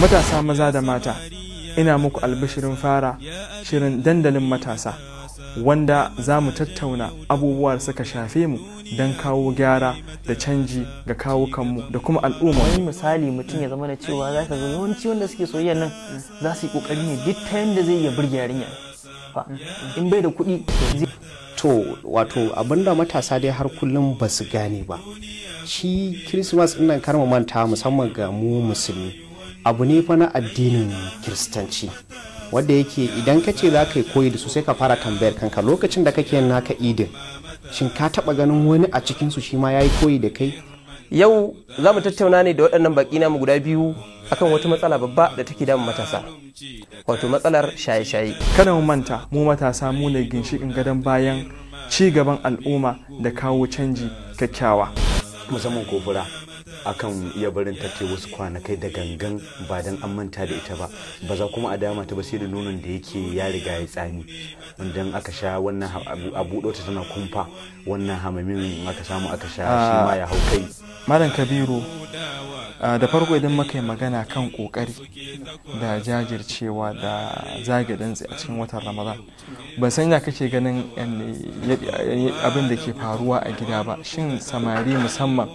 matasa maza da mata ina muku albishirin fara shirin dandalin matasa wanda za mu tattauna abubuwar suka shafe mu don kawo gyara da canji ga kawo kanmu da kuma al'umma wani misali mutum ya zama da cewa za ka zo yawanci wanda suke soyayya nan za su yi kokari ne duk ta yadda zai iya burge yarinya in bai da kuɗi to wato abinda matasa dai har kullum ba su gane ba shi kirismas ɗin nan kar manta musamman ga mu musulmi abu ne fa na addinin kiristanci wadda yake idan ka ce za ka yi koyi da su sai ka fara tambayar kanka lokacin da kake naka idin shin ka taba ganin wani a cikinsu shi ma ya yi koyi da kai yau za mu tattauna ne da waɗannan baƙi namu guda biyu akan wata matsala babba da take damun matasa wato matsalar shaye-shaye kada mu manta mu matasa mu ne ginshiƙin gadon bayan ci gaban al'umma da kawo canji kyakkyawa mu zama kofura akan iya barin ta ta wasu kwanakai da gangan ba dan an manta da ita ba ba za kuma a dama ta ba sai da nonon da yake ya riga ya tsani wanda aka sha wannan a ta tana kumfa wannan hamamin aka samu aka sha shi ma ya hau kai ah, malam kabiru da farko idan muka yi magana kan kokari da jajircewa da zage dantse a cikin watan ramadan ban sanya kake ganin abin da ke faruwa a gida ba shin samari musamman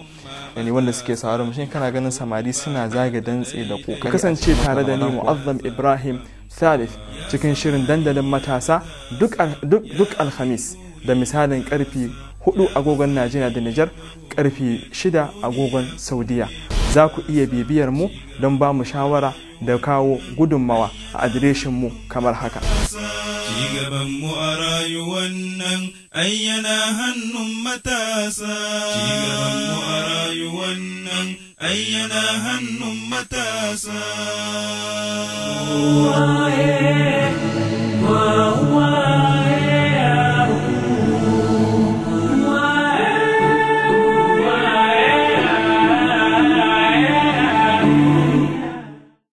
yani wanda suke sauraron shin kana ganin samari suna zage dantse da kokari kasance tare da ni mu'azzam ibrahim salif cikin shirin dandalin matasa duk alhamis da misalin karfi 4 agogon najeriya da nijar karfi 6 agogon saudiya za ku iya bibiyar mu don ba mu shawara da kawo gudunmawa a adireshin mu kamar haka. Cigaban mu a rayuwan nan ayyana hannun matasa. Cigaban mu a rayuwan nan ayyana hannun matasa.